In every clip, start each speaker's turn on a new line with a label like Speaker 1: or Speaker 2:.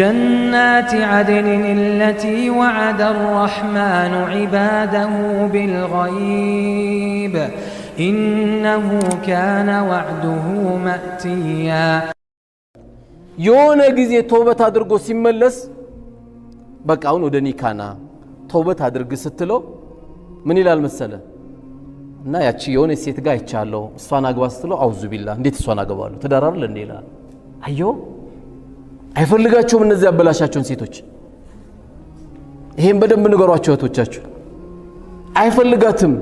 Speaker 1: جنات عدن التي وعد الرحمن عباده بالغيب إنه كان وعده مأتيا
Speaker 2: የሆነ ጊዜ ተውበት አድርጎ ሲመለስ በቃ አሁን ወደ ኒካና ተውበት አድርግ ስትለው ምን ይላል መሰለ እና ያቺ የሆነ ሴት ጋር አይቻለሁ እሷን አግባ ስትለው አውዙ ቢላ እንዴት እሷን አገባለሁ ትዳር አይደል እንዴ ይላል አየው አይፈልጋቸውም እነዚህ ያበላሻቸውን ሴቶች ይሄን በደንብ ንገሯቸው እህቶቻችሁ አይፈልጋትም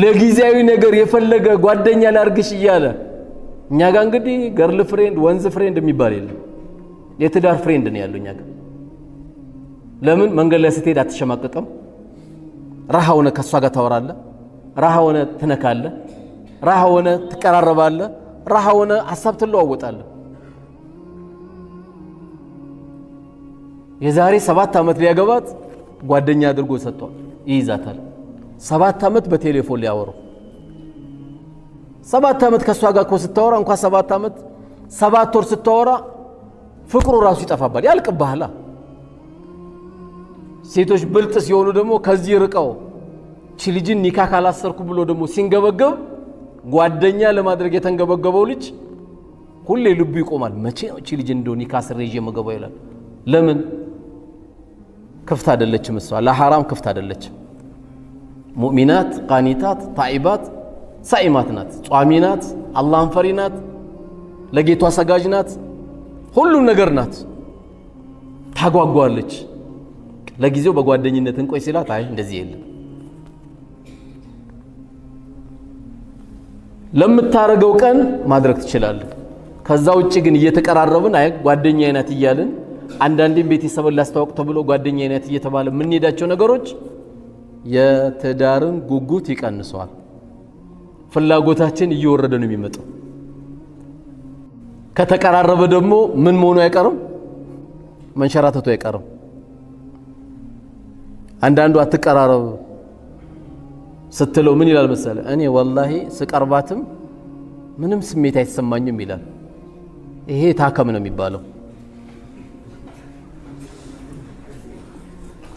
Speaker 2: ለጊዜያዊ ነገር የፈለገ ጓደኛ ላርግሽ እያለ እኛ ጋር እንግዲህ ገርል ፍሬንድ ወንዝ ፍሬንድ የሚባል የለም የትዳር ፍሬንድ ነው ያለው እኛ ጋር ለምን መንገድ ላይ ስትሄድ አትሸማቀቅም ራሃ ሆነ ከእሷ ጋር ታወራለ ራሃ ሆነ ትነካለ ራሃ ሆነ ትቀራረባለ ራሃ ሆነ ሀሳብ ትለዋወጣለህ የዛሬ ሰባት ዓመት ሊያገባት ጓደኛ አድርጎ ሰጥቷል። ይይዛታል። ሰባት ዓመት በቴሌፎን ሊያወሩ ሰባት ዓመት ከእሷ ጋር እኮ ስታወራ እንኳ ሰባት ዓመት ሰባት ወር ስታወራ ፍቅሩ ራሱ ይጠፋባል፣ ያልቅብሃል። ሴቶች ብልጥ ሲሆኑ ደግሞ ከዚህ ርቀው ችልጅን ኒካ ካላሰርኩ ብሎ ደግሞ ሲንገበገብ ጓደኛ ለማድረግ የተንገበገበው ልጅ ሁሌ ልቡ ይቆማል። መቼ ነው ችልጅን እንደው ኒካ ስር ይዤ መገባው ይላል። ለምን ክፍት አይደለችም። እሷ ለሐራም ክፍት አይደለችም። ሙእሚናት፣ ቃኒታት፣ ጣኢባት፣ ሳኢማት ናት፣ ጿሚ ናት፣ አላህን ፈሪ ናት፣ ለጌቷ ሰጋጅ ናት፣ ሁሉም ነገር ናት። ታጓጓለች። ለጊዜው በጓደኝነት እንቆይ ሲላት አይ እንደዚህ የለም ለምታረገው ቀን ማድረግ ትችላለህ። ከዛ ውጭ ግን እየተቀራረብን አይ ጓደኛ አይናት እያልን አንዳንዴም ቤተሰብን ላስተዋወቅ ተብሎ ጓደኛ አይነት እየተባለ የምንሄዳቸው ነገሮች የትዳርን ጉጉት ይቀንሰዋል። ፍላጎታችን እየወረደ ነው የሚመጣው። ከተቀራረበ ደግሞ ምን መሆኑ አይቀርም፣ መንሸራተቱ አይቀርም። አንዳንዱ አትቀራረብ ስትለው ምን ይላል መሰለ፣ እኔ ወላሂ ስቀርባትም ምንም ስሜት አይሰማኝም ይላል። ይሄ ታከም ነው የሚባለው።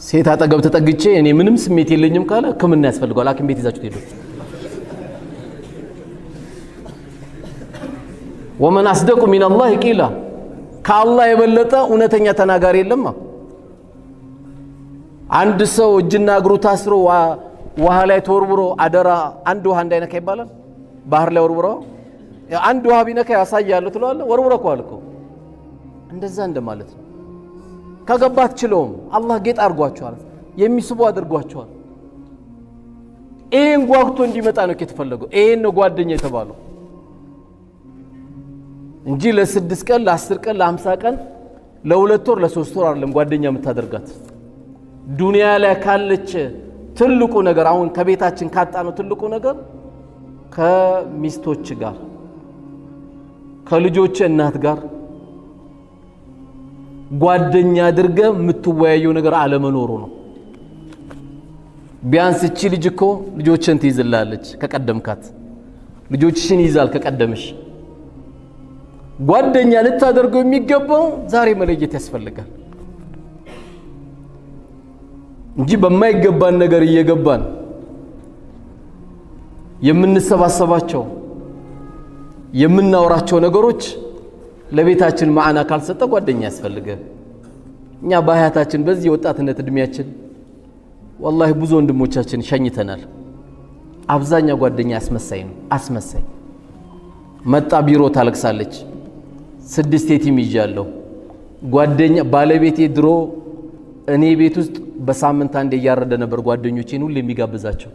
Speaker 2: ሴት አጠገብ ተጠግቼ እኔ ምንም ስሜት የለኝም ካለ ሕክምና ያስፈልገዋል። ሐኪም ቤት ይዛችሁ ትሄዱ። ወመን አስደቁ ሚነላህ ቂላ፣ ከአላህ የበለጠ እውነተኛ ተናጋሪ የለማ። አንድ ሰው እጅና እግሩ ታስሮ ውሃ ላይ ተወርውሮ አደራ አንድ ውሃ እንዳይነካ ይባላል። ባህር ላይ ወርውሮ አንድ ውሃ ቢነካ ያሳያሉ ትለዋለህ። ወርውረ እኮ አልከው። እንደዛ እንደማለት ነው። ከገባ አትችለውም። አላህ ጌጥ አድርጓቸዋል፣ የሚስቡ አድርጓቸዋል። ይህን ጓግቶ እንዲመጣ ነው የተፈለገው። ይህን ነው ጓደኛ የተባለው እንጂ ለስድስት ቀን ለአስር ቀን ለአምሳ ቀን ለሁለት ወር ለሶስት ወር አይደለም ጓደኛ የምታደርጋት። ዱንያ ላይ ካለች ትልቁ ነገር አሁን ከቤታችን ካጣ ነው ትልቁ ነገር ከሚስቶች ጋር ከልጆች እናት ጋር ጓደኛ አድርገ የምትወያየው ነገር አለመኖሩ ነው። ቢያንስ እቺ ልጅ እኮ ልጆችን ትይዝላለች ከቀደምካት፣ ልጆችሽን ይዛል ከቀደምሽ። ጓደኛ ልታደርገው የሚገባው ዛሬ መለየት ያስፈልጋል እንጂ በማይገባን ነገር እየገባን የምንሰባሰባቸው የምናወራቸው ነገሮች ለቤታችን ማዕና ካልሰጠ ጓደኛ ያስፈልገን። እኛ በሀያታችን በዚህ የወጣትነት እድሜያችን ወላሂ ብዙ ወንድሞቻችን ሸኝተናል። አብዛኛው ጓደኛ አስመሳይ ነው። አስመሳይ መጣ ቢሮ ታለቅሳለች። ስድስት የቲም ይዣለሁ ጓደኛ ባለቤቴ ድሮ እኔ ቤት ውስጥ በሳምንት አንዴ እያረደ ነበር ጓደኞቼን ሁሉ የሚጋብዛቸው።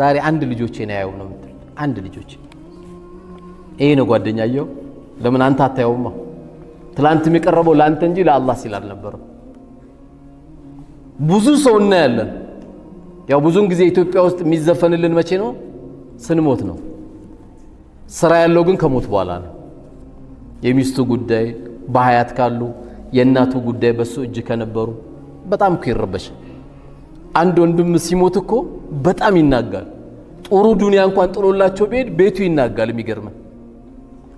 Speaker 2: ዛሬ አንድ ልጆቼን አያየው ነው ምትል አንድ ልጆቼ ይሄ ነው ጓደኛየው ለምን አንተ አታየውማ? ትላንት የቀረበው ለአንተ እንጂ ለአላህ ሲል አልነበረም። ብዙ ሰው እናያለን። ያው ብዙን ጊዜ ኢትዮጵያ ውስጥ የሚዘፈንልን መቼ ነው? ስንሞት ነው። ስራ ያለው ግን ከሞት በኋላ ነው። የሚስቱ ጉዳይ በሀያት ካሉ የእናቱ ጉዳይ በሱ እጅ ከነበሩ በጣም እኮ ይረበሻል። አንድ ወንድም ሲሞት እኮ በጣም ይናጋል። ጥሩ ዱንያ እንኳን ጥሎላቸው ቢሄድ ቤቱ ይናጋል። የሚገርመን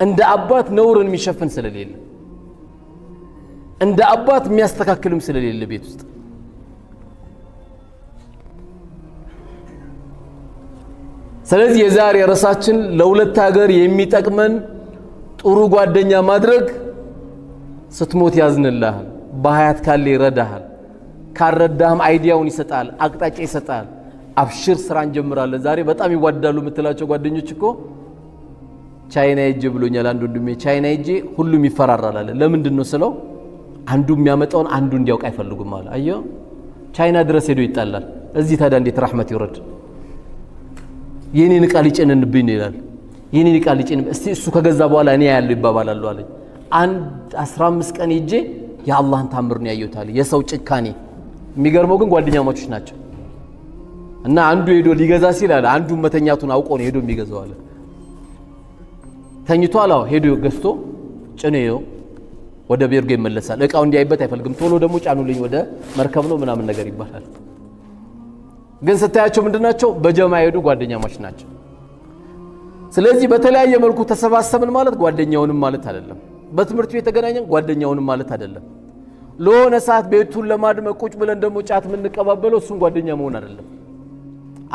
Speaker 2: እንደ አባት ነውርን የሚሸፍን ስለሌለ እንደ አባት የሚያስተካክልም ስለሌለ ቤት ውስጥ ስለዚህ የዛሬ ርዕሳችን ለሁለት ሀገር የሚጠቅመን ጥሩ ጓደኛ ማድረግ ስትሞት ያዝንልሃል፣ በሀያት ካለ ይረዳሃል፣ ካረዳህም አይዲያውን ይሰጣል፣ አቅጣጫ ይሰጣል። አብሽር ስራ እንጀምራለን። ዛሬ በጣም ይዋዳሉ የምትላቸው ጓደኞች እኮ ቻይና ሂጄ ብሎኛል አንዱ ወንድሜ። ቻይና ሂጄ ሁሉም ይፈራራላል። ለምንድን ነው ስለው አንዱ የሚያመጣውን አንዱ እንዲያውቅ አይፈልጉም አለ። አየው ቻይና ድረስ ሄዶ ይጣላል። እዚህ ታዲያ እንዴት ራህመት ይውረድ? የኔን እቃ ሊጭንንብኝ ይላል። የኔን እቃ ሊጭን እስቲ እሱ ከገዛ በኋላ እኔ ያለው ይባባላሉ አለኝ። አንድ 15 ቀን ሂጄ የአላህን ታምር ነው ያየሁት አለ። የሰው ጭካኔ የሚገርመው ግን ጓደኛማቾች ናቸው እና አንዱ ሄዶ ሊገዛ ሲል አለ አንዱ መተኛቱን አውቆ ነው ሄዶ የሚገዛው አለ። ተኝቶ አላው ሄዶ ገዝቶ ጭኔዮ ወደ ቤርጎ ይመለሳል። እቃው እንዲያይበት አይፈልግም። ቶሎ ደግሞ ጫኑልኝ ወደ መርከብ ነው ምናምን ነገር ይባላል። ግን ስታያቸው ምንድናቸው? በጀማ ሄዱ ጓደኛማች ናቸው። ስለዚህ በተለያየ መልኩ ተሰባሰብን ማለት ጓደኛውንም ማለት አይደለም። በትምህርት ቤት ተገናኘን ጓደኛውንም ማለት አይደለም። ለሆነ ሰዓት ቤቱን ለማድመቅ ቁጭ ብለን ደግሞ ጫት የምንቀባበለው እሱን ጓደኛ መሆን አይደለም።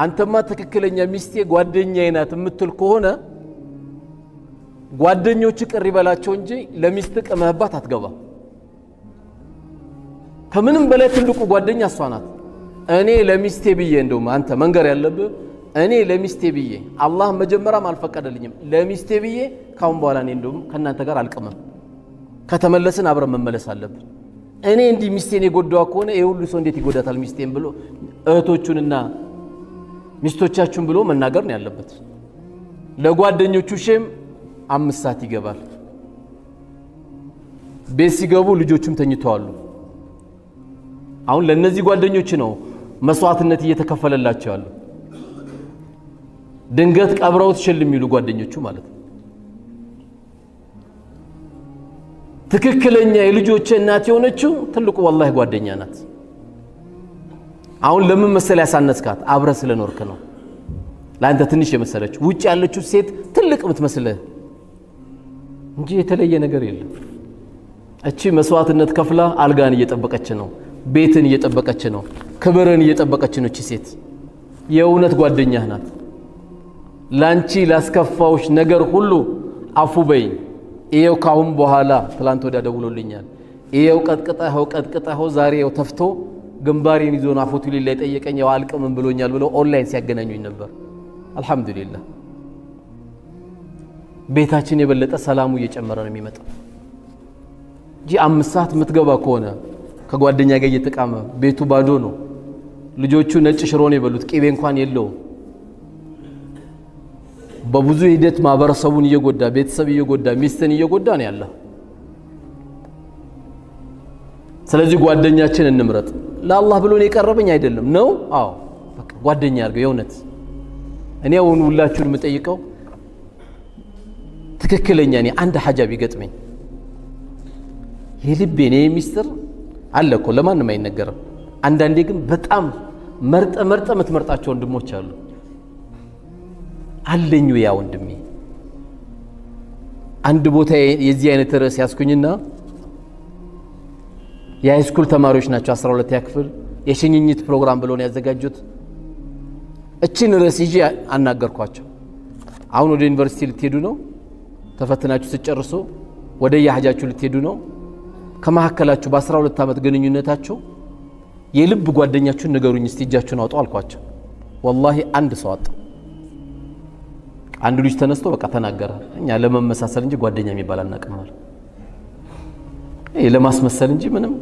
Speaker 2: አንተማ ትክክለኛ ሚስቴ ጓደኛዬ ናት የምትል ከሆነ ጓደኞች ቅር ይበላቸው እንጂ ለሚስት ቅመህባት አትገባም። ከምንም በላይ ትልቁ ጓደኛ እሷ ናት። እኔ ለሚስቴ ብዬ እንደውም አንተ መንገር ያለብህ እኔ ለሚስቴ ብዬ አላህ መጀመሪያም አልፈቀደልኝም። ለሚስቴ ብዬ ካሁን በኋላ እኔ እንደውም ከእናንተ ጋር አልቅምም። ከተመለስን አብረን መመለስ አለብን። እኔ እንዲህ ሚስቴን የጎዳዋ ከሆነ ይህ ሁሉ ሰው እንዴት ይጎዳታል ሚስቴን ብሎ እህቶቹንና ሚስቶቻችሁን ብሎ መናገር ነው ያለበት ለጓደኞቹ ሼም አምስት ሰዓት ይገባል። ቤት ሲገቡ ልጆቹም ተኝተዋሉ። አሁን ለእነዚህ ጓደኞች ነው መስዋዕትነት እየተከፈለላቸው ያለው። ድንገት ቀብረውት ሽል የሚሉ ጓደኞቹ ማለት ነው። ትክክለኛ የልጆቼ እናት የሆነችው ትልቁ ወላሂ ጓደኛ ናት። አሁን ለምን መሰል ያሳነስካት? አብረ ስለኖርክ ነው። ለአንተ ትንሽ የመሰለችው ውጭ ያለችው ሴት ትልቅ የምትመስልህ እንጂ የተለየ ነገር የለም። እቺ መስዋዕትነት ከፍላ አልጋን እየጠበቀች ነው፣ ቤትን እየጠበቀች ነው፣ ክብርን እየጠበቀች ነው። እቺ ሴት የእውነት ጓደኛህ ናት። ላንቺ ላስከፋውሽ ነገር ሁሉ አፉ በይ። ይኸው ካሁን በኋላ ትላንት ወዲያ ደውሎልኛል። ይኸው ቀጥቅጠኸው ቀጥቅጠኸው ዛሬ ይኸው ተፍቶ ግንባሬን ይዞን አፎቱ ሌላ የጠየቀኝ ያው አልቅምም ብሎኛል ብለው ኦንላይን ሲያገናኙኝ ነበር። አልሐምዱሊላህ ቤታችን የበለጠ ሰላሙ እየጨመረ ነው የሚመጣው እንጂ አምስት ሰዓት የምትገባ ከሆነ ከጓደኛ ጋር እየተቃመ ቤቱ ባዶ ነው። ልጆቹ ነጭ ሽሮ ነው የበሉት፣ ቂቤ እንኳን የለውም። በብዙ ሂደት ማህበረሰቡን እየጎዳ ቤተሰብ እየጎዳ ሚስትን እየጎዳ ነው ያለ። ስለዚህ ጓደኛችን እንምረጥ። ለአላህ ብሎ ነው የቀረበኝ አይደለም ነው? አዎ በቃ ጓደኛ ያርገው። የእውነት እኔ አሁን ሁላችሁን የምጠይቀው ትክክለኛ እኔ አንድ ሀጃ ቢገጥመኝ የልቤ እኔ ሚስጥር አለ እኮ ለማንም አይነገርም። አንዳንዴ ግን በጣም መርጠ መርጠ የምትመርጣቸው ወንድሞች አሉ። አለኙ ያ ወንድሜ አንድ ቦታ የዚህ አይነት ርዕስ ያስኩኝና የሃይስኩል ተማሪዎች ናቸው 12ኛ ክፍል የሽኝኝት ፕሮግራም ብሎ ነው ያዘጋጁት። እችን ርዕስ ይዤ አናገርኳቸው። አሁን ወደ ዩኒቨርሲቲ ልትሄዱ ነው ተፈትናችሁ ስጨርሱ ወደ የሐጃችሁ ልትሄዱ ነው። ከመካከላችሁ በ12 ዓመት ግንኙነታችሁ የልብ ጓደኛችሁን ንገሩኝ እስቲ እጃችሁን አውጡ አልኳቸው። ወላሂ አንድ ሰው አጣ። አንድ ልጅ ተነስቶ በቃ ተናገረ። እኛ ለመመሳሰል እንጂ ጓደኛ የሚባል አናውቅም አለ። ለማስመሰል እንጂ ምንም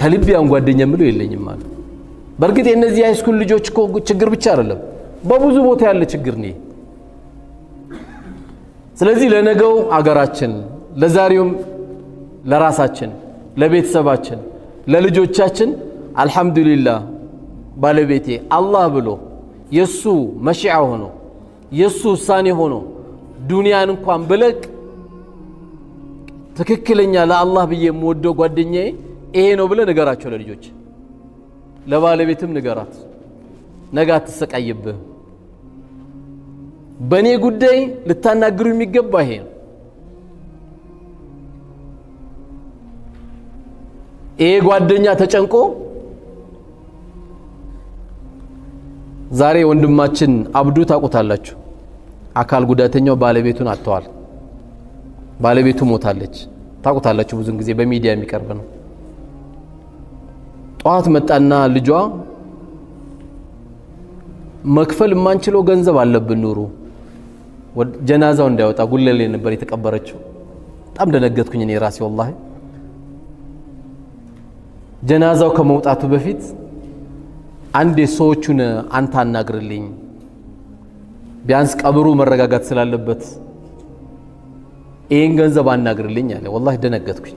Speaker 2: ከልብ ያን ጓደኛ የምለው የለኝም አለ። በእርግጥ የእነዚህ የሃይስኩል ልጆች ችግር ብቻ አይደለም፣ በብዙ ቦታ ያለ ችግር ነው። ስለዚህ ለነገው አገራችን፣ ለዛሬውም ለራሳችን፣ ለቤተሰባችን፣ ለልጆቻችን አልሐምዱሊላ ባለቤቴ አላህ ብሎ የእሱ መሽዓ ሆኖ የእሱ ውሳኔ ሆኖ ዱንያን እንኳን ብለቅ ትክክለኛ ለአላህ ብዬ የምወደው ጓደኛዬ ይሄ ነው ብለ ንገራቸው። ለልጆች ለባለቤትም ንገራት። ነገ አትሰቃይብህ። በእኔ ጉዳይ ልታናግሩ የሚገባ ይሄ ነው። ይሄ ጓደኛ ተጨንቆ ዛሬ ወንድማችን አብዱ ታውቁታላችሁ፣ አካል ጉዳተኛው ባለቤቱን አጥተዋል። ባለቤቱ ሞታለች። ታውቁታላችሁ፣ ብዙን ጊዜ በሚዲያ የሚቀርብ ነው። ጠዋት መጣና ልጇ መክፈል የማንችለው ገንዘብ አለብን ኑሩ ጀናዛው እንዳይወጣ ጉለሌ ነበር የተቀበረችው። በጣም ደነገጥኩኝ እኔ ራሴ ወላሂ። ጀናዛው ከመውጣቱ በፊት አንዴ ሰዎቹን አንተ አናግርልኝ፣ ቢያንስ ቀብሩ መረጋጋት ስላለበት ይህን ገንዘብ አናግርልኝ አለ። ወላሂ ደነገጥኩኝ።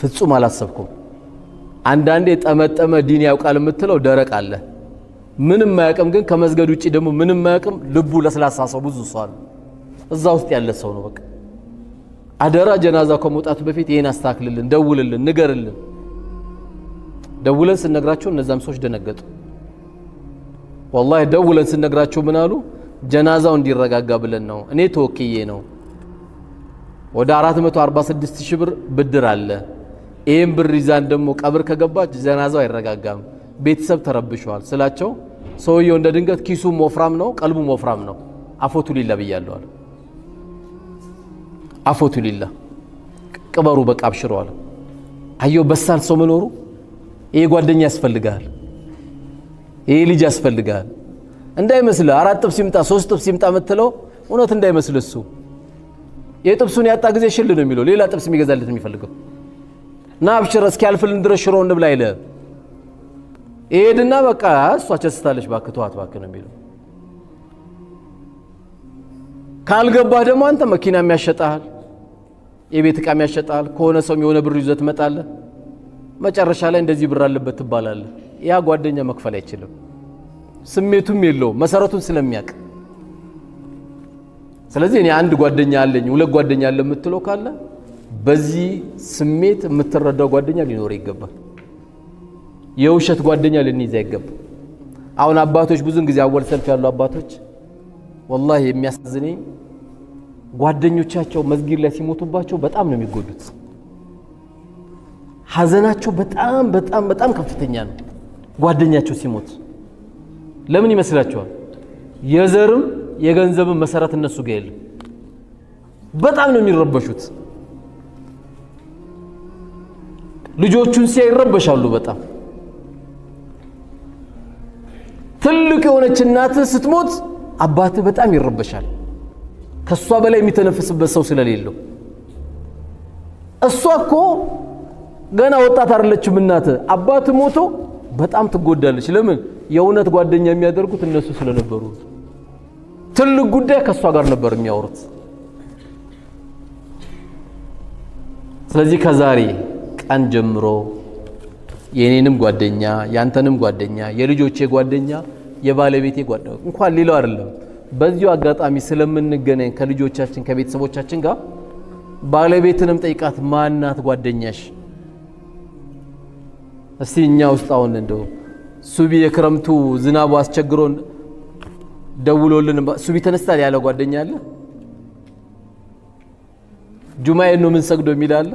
Speaker 2: ፍጹም አላሰብኩም። አንዳንዴ ጠመጠመ ዲን ያውቃል የምትለው ደረቅ አለ። ምንም አያውቅም፣ ግን ከመስገድ ውጭ ደግሞ ምንም አያውቅም። ልቡ ለስላሳ ሰው ብዙ ሰው አሉ። እዛ ውስጥ ያለ ሰው ነው። በቃ አደራ ጀናዛ ከመውጣቱ በፊት ይሄን አስተካክልልን፣ ደውልልን፣ ንገርልን። ደውለን ስነግራቸው እነዛም ሰዎች ደነገጡ። ወላሂ ደውለን ስነግራቸው ምን አሉ? ጀናዛው እንዲረጋጋ ብለን ነው፣ እኔ ተወክዬ ነው። ወደ 446 ሺህ ብር ብድር አለ። ይህም ብር ይዛን ደግሞ ቀብር ከገባች ጀናዛው አይረጋጋም፣ ቤተሰብ ተረብሸዋል ስላቸው ሰውየው እንደ ድንገት ኪሱም ወፍራም ነው፣ ቀልቡም ወፍራም ነው። አፎቱ ሊላ ብያለዋል አፎቱ ሊላ ቅበሩ በቃ አብሽሮ አለ። አየው በሳል ሰው መኖሩ። ይህ ጓደኛ ያስፈልግሃል፣ ይህ ልጅ ያስፈልግሃል እንዳይመስልህ። አራት ጥብስ ይምጣ ሶስት ጥብስ ይምጣ የምትለው እውነት እንዳይመስልህ። እሱ የጥብሱን ያጣ ጊዜ ሽል ነው የሚለው፣ ሌላ ጥብስ የሚገዛለት የሚፈልገው ና አብሽር እስኪያልፍልን ድረስ ሽሮ እንብላ አይለ ይሄድና በቃ እሷ ቸስታለች፣ እባክህ ተዋት እባክህ ነው የሚለው ካልገባህ ደግሞ አንተ መኪና የሚያሸጣሃል፣ የቤት ዕቃ የሚያሸጣሃል። ከሆነ ሰውም የሆነ ብር ይዘህ ትመጣለህ። መጨረሻ ላይ እንደዚህ ብር አለበት ትባላለህ። ያ ጓደኛ መክፈል አይችልም። ስሜቱም የለውም መሰረቱን ስለሚያውቅ። ስለዚህ እኔ አንድ ጓደኛ አለኝ ሁለት ጓደኛ አለ የምትለው ካለ በዚህ ስሜት የምትረዳው ጓደኛ ሊኖር ይገባል። የውሸት ጓደኛ ልንይዝ አይገባም። አሁን አባቶች ብዙን ጊዜ አወል ሰልፍ ያሉ አባቶች ወላሂ የሚያሳዝነኝ ጓደኞቻቸው መስጊድ ላይ ሲሞቱባቸው በጣም ነው የሚጎዱት። ሀዘናቸው በጣም በጣም በጣም ከፍተኛ ነው። ጓደኛቸው ሲሞት ለምን ይመስላችኋል? የዘርም የገንዘብም መሰረት እነሱ ጋር የለም። በጣም ነው የሚረበሹት። ልጆቹን ሲያ ይረበሻሉ በጣም ትልቅ የሆነች እናት ስትሞት አባትህ በጣም ይረበሻል። ከእሷ በላይ የሚተነፍስበት ሰው ስለሌለው እሷ እኮ ገና ወጣት አይደለችም። እናተ አባት ሞቶ በጣም ትጎዳለች። ለምን? የእውነት ጓደኛ የሚያደርጉት እነሱ ስለነበሩ ትልቅ ጉዳይ ከእሷ ጋር ነበር የሚያወሩት። ስለዚህ ከዛሬ ቀን ጀምሮ የእኔንም ጓደኛ፣ ያንተንም ጓደኛ፣ የልጆቼ ጓደኛ የባለቤቴ ጓደኛ እንኳን ሌላው አይደለም። በዚሁ አጋጣሚ ስለምንገናኝ ከልጆቻችን ከቤተሰቦቻችን ጋር ባለቤትንም ጠይቃት፣ ማናት ጓደኛሽ? እስቲ እኛ ውስጥ አሁን እንደው ሱቢ የክረምቱ ዝናቡ አስቸግሮን ደውሎልን ሱቢ ተነስታል ያለ ጓደኛ አለ? ጁማዬን ነው ምን ሰግዶ የሚል አለ?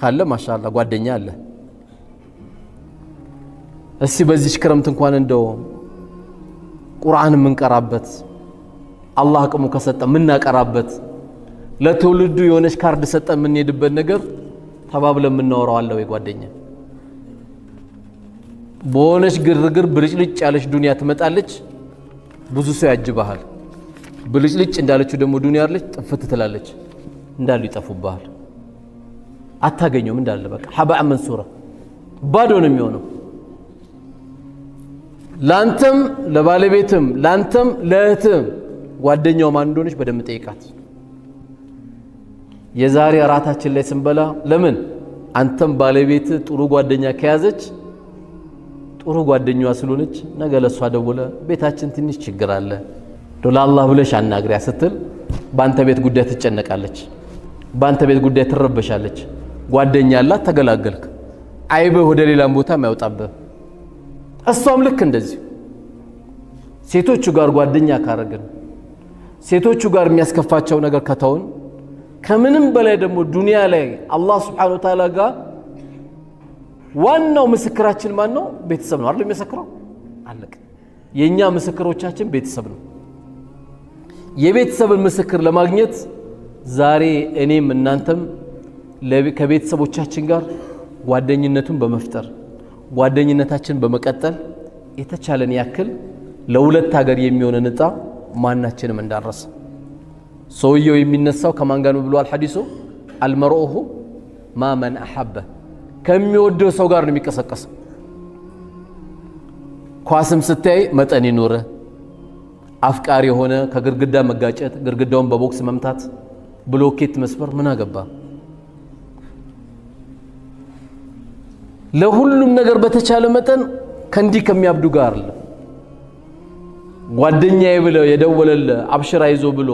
Speaker 2: ካለ ማሻላ ጓደኛ አለ። እስቲ በዚች ክረምት እንኳን እንደው ቁርአን የምንቀራበት አላህ አቅሙ ከሰጠ የምናቀራበት ለትውልዱ የሆነች ካርድ ሰጠ የምንሄድበት ነገር ተባብለን የምናወራው አለ ወይ ጓደኛ? በሆነች ግርግር ብልጭልጭ ያለች ዱንያ ትመጣለች። ብዙ ሰው ያጅባሃል። ብልጭልጭ እንዳለችው ደግሞ ዱንያ አለች፣ ጥፍት ትላለች። እንዳሉ ይጠፉብሃል። አታገኘውም እንዳለ በቃ ሀባ መንሱራ ባዶ ነው የሚሆነው። ላንተም ለባለቤትም ላንተም ለእህትም ጓደኛው ማን እንደሆነች በደንብ ጠይቃት። የዛሬ እራታችን ላይ ስንበላ ለምን አንተም ባለቤት ጥሩ ጓደኛ ከያዘች ጥሩ ጓደኛዋ ስለሆነች ነገ ለእሷ ደውለ ቤታችን ትንሽ ችግር አለ ዶላ አላህ ብለሽ አናግሪያ ስትል በአንተ ቤት ጉዳይ ትጨነቃለች፣ በአንተ ቤት ጉዳይ ትረበሻለች። ጓደኛ አላት፣ ተገላገልክ። አይበህ ወደ ሌላም ቦታ ማያውጣብህ እሷም ልክ እንደዚህ ሴቶቹ ጋር ጓደኛ ካረግን፣ ሴቶቹ ጋር የሚያስከፋቸው ነገር ከተውን፣ ከምንም በላይ ደግሞ ዱንያ ላይ አላህ ስብሓነ ወተዓላ ጋር ዋናው ምስክራችን ማን ነው? ቤተሰብ ነው አይደል? የሚመሰክረው አለቅ። የእኛ ምስክሮቻችን ቤተሰብ ነው። የቤተሰብን ምስክር ለማግኘት ዛሬ እኔም እናንተም ከቤተሰቦቻችን ጋር ጓደኝነቱን በመፍጠር ጓደኝነታችን በመቀጠል የተቻለን ያክል ለሁለት ሀገር የሚሆንን እጣ ማናችንም እንዳረሰ። ሰውየው የሚነሳው ከማን ጋር ነው ብሏል ሐዲሱ? አልመርኡሁ ማመን አሐበ ከሚወደው ሰው ጋር ነው የሚቀሰቀስ ኳስም ስታይ መጠን ይኑር። አፍቃሪ የሆነ ከግድግዳ መጋጨት፣ ግድግዳውን በቦክስ መምታት፣ ብሎኬት መስበር ምን አገባ? ለሁሉም ነገር በተቻለ መጠን ከእንዲህ ከሚያብዱ ጋር አለ ጓደኛዬ ብለው የደወለለ አብሽራ ይዞ ብሎ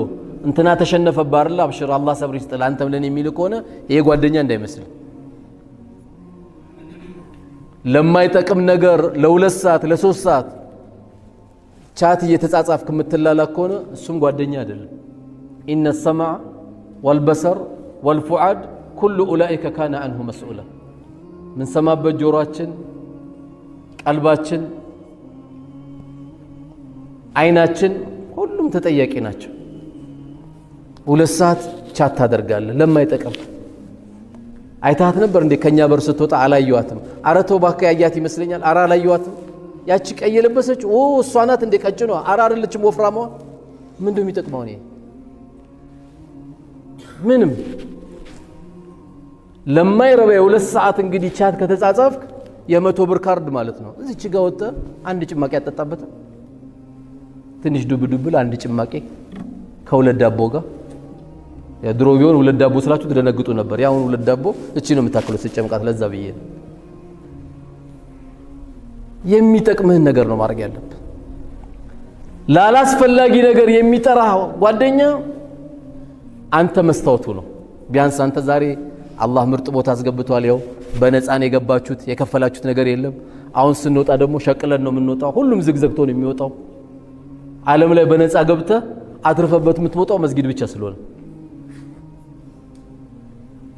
Speaker 2: እንትና ተሸነፈብህ አይደል አብሽራ አላህ ሰብር ይስጥል አንተም ለኔ የሚል ከሆነ ይሄ ጓደኛ እንዳይመስል ለማይጠቅም ነገር ለሁለት ሰዓት ለሶስት ሰዓት ቻት እየተጻጻፍ ከምትላላክ ከሆነ እሱም ጓደኛ አይደለም ኢነ ሰማዕ ወልበሰር ወልፉዓድ ኩሉ ኡላኢከ ካነ አንሁ መስኡላ የምንሰማበት ጆሮአችን፣ ቀልባችን፣ አይናችን ሁሉም ተጠያቂ ናቸው። ሁለት ሰዓት ቻት ታደርጋለህ ለማይጠቅም አይታት ነበር እንዴ? ከኛ በር ስትወጣ አላየዋትም። አረቶ ባካ ያያት ይመስለኛል። አረ አላየዋትም። ያቺ ቀይ የለበሰች ኦ እሷ ናት እንዴ? ቀጭኗ አረ አይደለችም ወፍራማዋ። ምንድነው የሚጠቅመው? እኔ ምንም ለማይረባ የሁለት ሰዓት እንግዲህ ቻት ከተጻጻፍክ የመቶ ብር ካርድ ማለት ነው። እዚች ጋ ወጠ አንድ ጭማቂ አጠጣበትም ትንሽ ዱብ ዱብል አንድ ጭማቂ ከሁለት ዳቦ ጋር የድሮ ቢሆን ሁለት ዳቦ ስላችሁ ትደነግጡ ነበር። ያሁን ሁለት ዳቦ እቺ ነው የምታክሉት ስጨምቃት ለዛ ብዬ ነው የሚጠቅምህን ነገር ነው ማድረግ ያለብህ። ላላስፈላጊ ነገር የሚጠራ ጓደኛ አንተ መስታወቱ ነው። ቢያንስ አንተ ዛሬ አላህ ምርጥ ቦታ አስገብቷል። ያው በነፃን የገባችሁት የከፈላችሁት ነገር የለም። አሁን ስንወጣ ደግሞ ሸቅለን ነው የምንወጣው። ሁሉም ዝግዘግቶ ነው የሚወጣው። ዓለም ላይ በነፃ ገብተ አትርፈበት የምትወጣው መስጊድ ብቻ ስለሆነ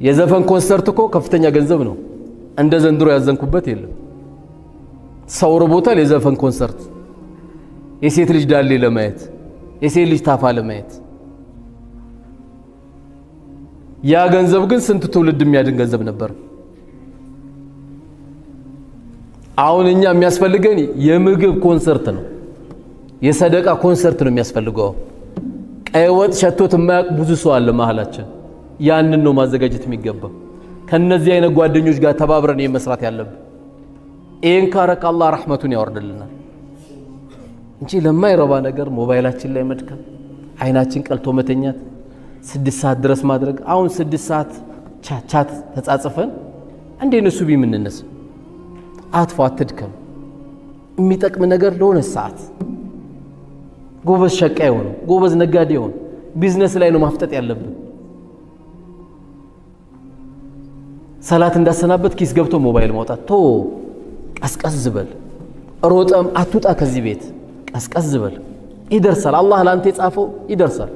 Speaker 2: የዘፈን ኮንሰርት እኮ ከፍተኛ ገንዘብ ነው። እንደ ዘንድሮ ያዘንኩበት የለም። ሰው ርቦታል። የዘፈን ኮንሰርት፣ የሴት ልጅ ዳሌ ለማየት፣ የሴት ልጅ ታፋ ለማየት ያ ገንዘብ ግን ስንት ትውልድ የሚያድን ገንዘብ ነበር። አሁን እኛ የሚያስፈልገን የምግብ ኮንሰርት ነው፣ የሰደቃ ኮንሰርት ነው የሚያስፈልገው። ቀይ ወጥ ሸቶት የማያውቅ ብዙ ሰው አለ መሀላችን። ያንን ነው ማዘጋጀት የሚገባ። ከነዚህ አይነት ጓደኞች ጋር ተባብረን መስራት ያለብን። ይህን ካረቅ አላህ ረሕመቱን ያወርድልናል እንጂ ለማይረባ ነገር ሞባይላችን ላይ መድከም፣ አይናችን ቀልቶ መተኛት ስድስት ሰዓት ድረስ ማድረግ አሁን ስድስት ሰዓት ቻት ተጻጽፈን እንደ ቢ ቢምንነስ አትፎ አትድከም። የሚጠቅም ነገር ለሆነ ሰዓት ጎበዝ ሸቃ የሆነ ጎበዝ ነጋዴ የሆነ ቢዝነስ ላይ ነው ማፍጠጥ ያለብን። ሰላት እንዳሰናበት ኪስ ገብቶ ሞባይል ማውጣት ቶ ቀስቀስ ዝበል ሮጠም አትውጣ ከዚህ ቤት ቀስቀስ ዝበል ይደርሳል። አላህ ለአንተ የጻፈው ይደርሳል።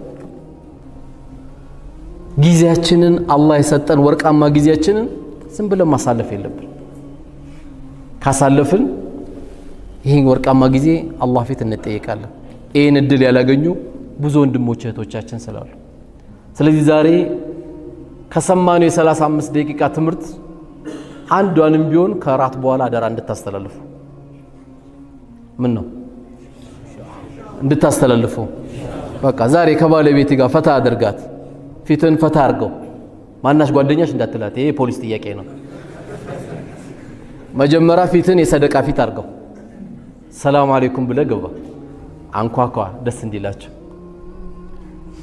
Speaker 2: ጊዜያችንን አላህ የሰጠን ወርቃማ ጊዜያችንን ዝም ብለን ማሳለፍ የለብን። ካሳለፍን ይህን ወርቃማ ጊዜ አላህ ፊት እንጠየቃለን። ይህን እድል ያላገኙ ብዙ ወንድሞች እህቶቻችን ስላሉ፣ ስለዚህ ዛሬ ከሰማነው የ35 ደቂቃ ትምህርት አንዷንም ቢሆን ከራት በኋላ አደራ እንድታስተላልፉ ምን ነው እንድታስተላልፉ። በቃ ዛሬ ከባለቤት ጋር ፈታ አድርጋት ፊትን ፈታ አርገው ማናሽ ጓደኛሽ እንዳትላት፣ ይሄ ፖሊስ ጥያቄ ነው። መጀመሪያ ፊትን የሰደቃ ፊት አርገው ሰላም አሌይኩም ብለ ገባ አንኳኳ፣ ደስ እንዲላቸው።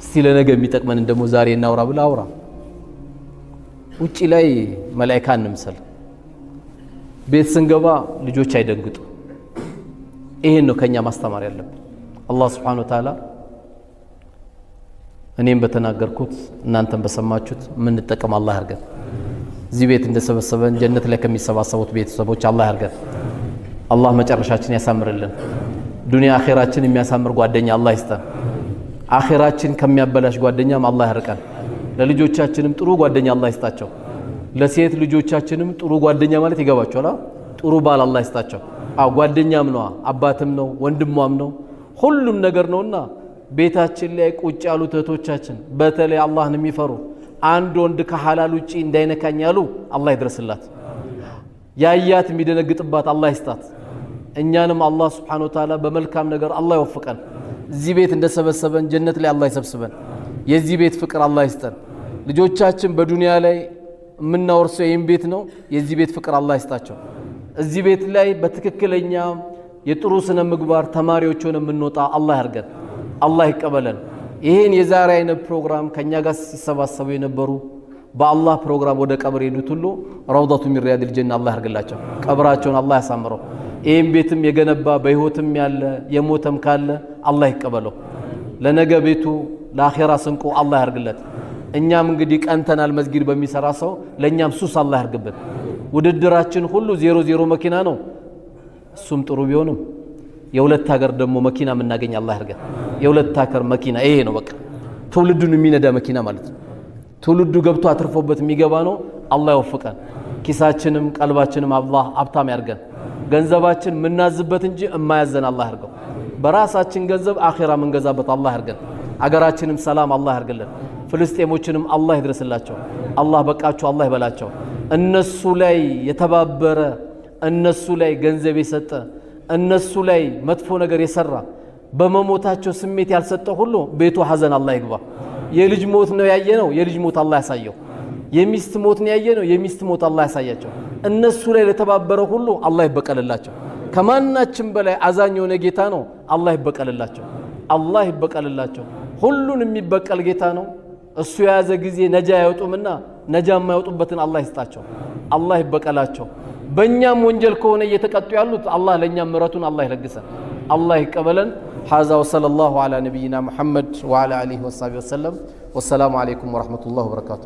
Speaker 2: እስቲ ለነገ የሚጠቅመን ደግሞ ዛሬ እናውራ ብለ አውራ። ውጪ ላይ መላይካ እንምሰል፣ ቤት ስንገባ ልጆች አይደንግጡ። ይሄን ነው ከኛ ማስተማር ያለብን። አላህ ስብሓነሁ ወተዓላ እኔም በተናገርኩት እናንተም በሰማችሁት የምንጠቀም አላህ ያርገን። እዚህ ቤት እንደሰበሰበን ጀነት ላይ ከሚሰባሰቡት ቤተሰቦች አላህ ያርገን። አላህ መጨረሻችን ያሳምርልን። ዱንያ አኼራችን የሚያሳምር ጓደኛ አላህ ይስጠን። አኼራችን ከሚያበላሽ ጓደኛም አላህ ያርቀን። ለልጆቻችንም ጥሩ ጓደኛ አላህ ይስጣቸው። ለሴት ልጆቻችንም ጥሩ ጓደኛ ማለት ይገባቸዋል። ጥሩ ባል አላህ ይስጣቸው። ጓደኛም ነዋ፣ አባትም ነው፣ ወንድሟም ነው፣ ሁሉም ነገር ነውና ቤታችን ላይ ቁጭ ያሉ እህቶቻችን በተለይ አላህን የሚፈሩ አንድ ወንድ ከሐላል ውጪ እንዳይነካኝ ያሉ አላህ ይድረስላት። ያያት የሚደነግጥባት አላህ ይስጣት። እኛንም አላህ ስብሓነ ወተዓላ በመልካም ነገር አላህ ይወፍቀን። እዚህ ቤት እንደሰበሰበን ጀነት ላይ አላህ ይሰብስበን። የዚህ ቤት ፍቅር አላህ ይስጠን። ልጆቻችን በዱንያ ላይ የምናወርሰው ይህም ቤት ነው። የዚህ ቤት ፍቅር አላህ ይስጣቸው። እዚህ ቤት ላይ በትክክለኛ የጥሩ ስነ ምግባር ተማሪዎች ሆነ የምንወጣ አላህ ያርገን። አላህ ይቀበለን። ይህን የዛሬ አይነት ፕሮግራም ከእኛ ጋር ሲሰባሰቡ የነበሩ በአላህ ፕሮግራም ወደ ቀብር የሄዱት ሁሉ ረውዳቱ ሚን ሪያዲል ጀና አላህ ያርግላቸው፣ ቀብራቸውን አላህ ያሳምረው። ይህም ቤትም የገነባ በህይወትም ያለ የሞተም ካለ አላህ ይቀበለው። ለነገ ቤቱ ለአኼራ ስንቁ አላህ ያርግለት። እኛም እንግዲህ ቀንተናል። መስጊድ በሚሰራ ሰው ለእኛም ሱስ አላህ ያርግብን። ውድድራችን ሁሉ ዜሮ ዜሮ መኪና ነው። እሱም ጥሩ ቢሆንም የሁለት ሀገር ደግሞ መኪና የምናገኝ አላህ ያድርገን። የሁለት ሀገር መኪና ይሄ ነው በቃ ትውልዱን የሚነዳ መኪና ማለት ነው። ትውልዱ ገብቶ አትርፎበት የሚገባ ነው። አላህ ይወፍቀን። ኪሳችንም ቀልባችንም አላህ ሀብታም ያድርገን። ገንዘባችን የምናዝበት እንጂ እማያዘን አላህ ያድርገው። በራሳችን ገንዘብ አኼራ የምንገዛበት አላህ ያድርገን። አገራችንም ሰላም አላህ ያርግልን ፍልስጤሞችንም አላህ ይድረስላቸው። አላህ በቃቸው፣ አላህ ይበላቸው። እነሱ ላይ የተባበረ እነሱ ላይ ገንዘብ የሰጠ እነሱ ላይ መጥፎ ነገር የሰራ በመሞታቸው ስሜት ያልሰጠ ሁሉ ቤቱ ሐዘን አላህ ይግባ። የልጅ ሞት ነው ያየ ነው፣ የልጅ ሞት አላህ ያሳየው። የሚስት ሞት ነው ያየ ነው፣ የሚስት ሞት አላህ ያሳያቸው። እነሱ ላይ ለተባበረ ሁሉ አላህ ይበቀልላቸው። ከማናችን በላይ አዛኝ የሆነ ጌታ ነው። አላህ ይበቀልላቸው፣ አላህ ይበቀልላቸው። ሁሉን የሚበቀል ጌታ ነው። እሱ የያዘ ጊዜ ነጃ አይወጡምና ነጃ የማይወጡበትን አላህ ይስጣቸው፣ አላህ ይበቀላቸው። በእኛም ወንጀል ከሆነ እየተቀጡ ያሉት አላህ ለእኛም ምረቱን አላህ ይለግሰን፣ አላህ ይቀበለን። ሀዛ ወሰለላሁ አላ ነቢይና ሙሐመድ ወአላ አሊህ ወሳቢ ወሰለም። ወሰላሙ አሌይኩም ወረሕመቱላህ ወበረካቱ።